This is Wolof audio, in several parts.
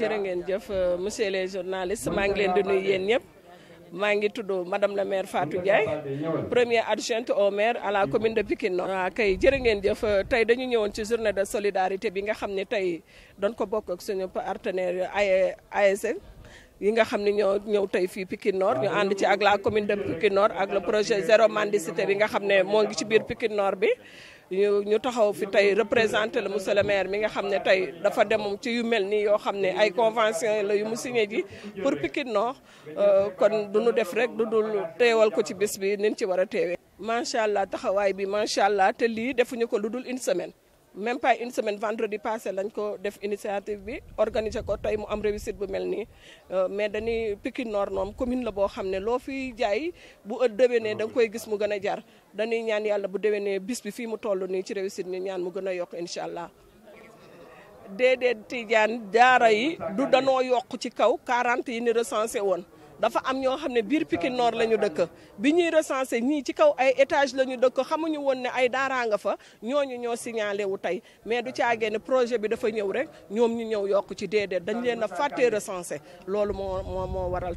jërë ngeen jëf euh, monsieur les journalistes maa ngi leen di nuyu yéen ñëpp maa ngi tudd madame la maire Fatou Ndiaye première adjointe au maire à la commune de Pikine Nord. waaw ah, jërë ngeen jëf tey dañu ñëwoon ci journée de solidarité bi nga xam ne tey doon ko bokk ak suñu partenaire ASN e, e yi nga xam ni ñoo ñëw tey fii Pikine Nord ñu ànd ci ak la commune de Pikine Nord ak le projet zéro mendicité bi nga xam ne moo ngi ci biir Pikine bi. ñu taxaw fi tey représenté la mu le mi nga xam ne tey dafa demoom ci yu mel nii yoo xam ne ay convention la yu mu signé ji pour Pikine Nord euh, kon du ñu def rek du dul teewal ko ci bés bi nin ci war a teewee macha allah taxawaay bi macha allah te lii defuñu ko lu dul une semaine même pas une semaine vendredi passé lañ ko def initiative bi organiser ko tey mu am réussite bu mel nii euh, mais dañuy Pikine Nord moom commune la boo xam ne loo fi jaay bu ëtt déwénee da koy gis mu gën a jar dañuy ñaan yàlla bu déwénee bis bi fii mu toll nii ci réussite ni ñaan mu gën a yokk incha allah. déedéet Tidiane jaara yi du danoo yokk ci kaw 40 yi ni recensé woon. dafa am ñoo xam ne biir Pikine Nord la ñu dëkk bi ñuy recensé ñii ci kaw ay étage la ñu dëkk xamuñu woon ne ay daaraa nga fa ñooñu ñoo signalé wu tey mais du caagee ne projet bi dafa ñëw rek ñoom ñu ñëw yokk ci déedéet dañ leen a fàttee recensé loolu moo moo moo waral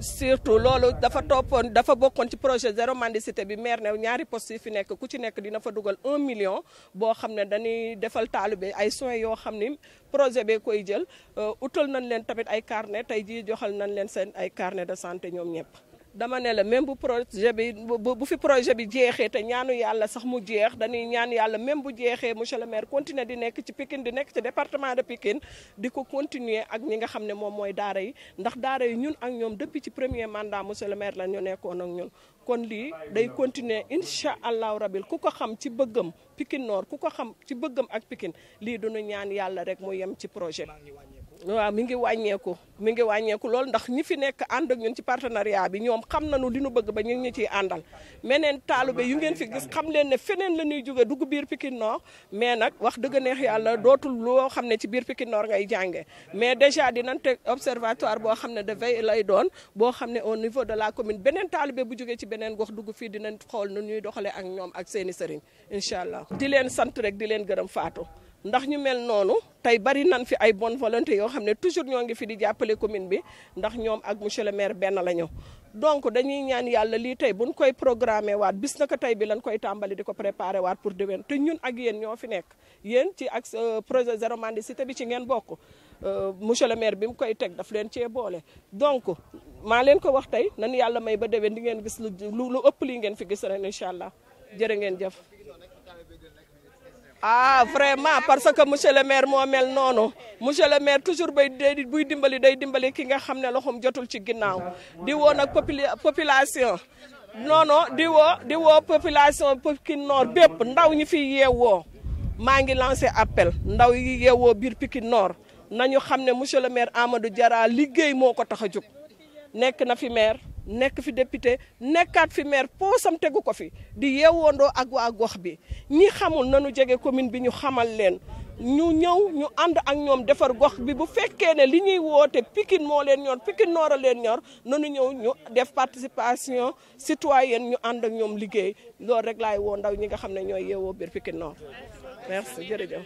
surtout loolu dafa toppoon dafa bokkoon ci projet zéro mendicité bi maire ne ñaari post yi fi nekk ku ci nekk dina fa dugal un million boo xam ne dañuy defal taalibe ay soins yoo xam ni projet bee koy jël euh, utal nañ leen tamit ay carnet tey jii joxal nañ leen seen ay carnet de santé ñoom ñëpp dama ne la même bu projet bi bu fi projet bi jeexee te ñaanu yàlla sax mu jeex dañuy ñaan yàlla même bu jeexee monsieur le maire continuer di nekk ci Pikine di nekk ci département de pikin di ko continuer ak ñi nga xam ne moom mooy daara yi ndax daara yi ñun ak ñoom depuis ci premier mandat monsieur le maire la ñu nekkoon ñun kon lii day continuer incha allahu rabil ku ko xam ci bëggëm Pikine noor ku ko xam ci bëggam ak pikin lii duñu ñaan yàlla rek mu yem ci projet waaw mi ngi wàññeeku mi ngi wàññeeku lool ndax ñi fi nekk ànd ak ñun ci partenariat bi ñoom xam na nañu li nu bëgg ba ñu ngi ciy àndal meneen taalibe yu ngeen fi gis xam leen ne feneen la ñuy jóge dugg biir Pikine Nord mais nag wax dëgg neex yàlla dootul loo xam ne ci biir Pikine Nord ngay jànge mais déjà dinañ teg observatoire boo xam ne de veille lay doon boo xam ne au niveau de la commune beneen taalibe bu jógee ci beneen gox dugg fii dinañ xool nu ñuy doxalee ak ñoom seeni sëriñ incha allah di leen sant rek di leen gërëm Fatou ndax ñu mel noonu tey bari nan fi ay bonne volonté yoo xam ne toujours ñoo ngi fi di jàppale commune bi ndax ñoom ak monsieur le maire benn la ñu donc dañuy ñaan yàlla lii tey buñ koy programme waat bis na ko tey bi lañ koy tàmbali di ko préparé waat pour déwén te ñun ak yéen ñoo fi nekk yéen ci ak euh, projet zéro mendicité bi ci ngeen bokk euh, monsieur le maire bi mu koy teg daf leen cee boole donc maa leen ko wax tey nan yàlla may ba déwén di ngeen gis lu lu ëpp lii ngeen fi gis ren allah jërë ngeen jëf ah vraiment parce que monsieur le maire moo mel noonu monsieur le maire toujours bay day buy dimbali day dimbali ki nga xam ne loxoom jotul ci ginnaaw di woo nag population non non di woo di woo population Pikine Nord bépp ndaw ñi fi yeewoo maa ngi lancé appel ndaw yi yeewoo biir Pikine Nord nañu xam ne monsieur le maire Amadou Diarra liggéey moo ko tax a jóg nekk na fi maire nekk fi député nekkaat fi maire poosam tegu ko fi di yeewoondoo ak waa gox bi ñi xamul nanu jege commune bi ñu xamal leen ñu ñëw ñu ànd ak ñoom defar gox bi bu fekkee ne li ñuy woote Pikine moo leen ñor Pikine Nord a leen ñor nanu ñëw ñu def participation citoyenne ñu ànd ak ñoom liggéey loolu rek laay woo ndaw ñi nga xam ne ñooy yeewoo biir Pikine Nord merci jërëjëf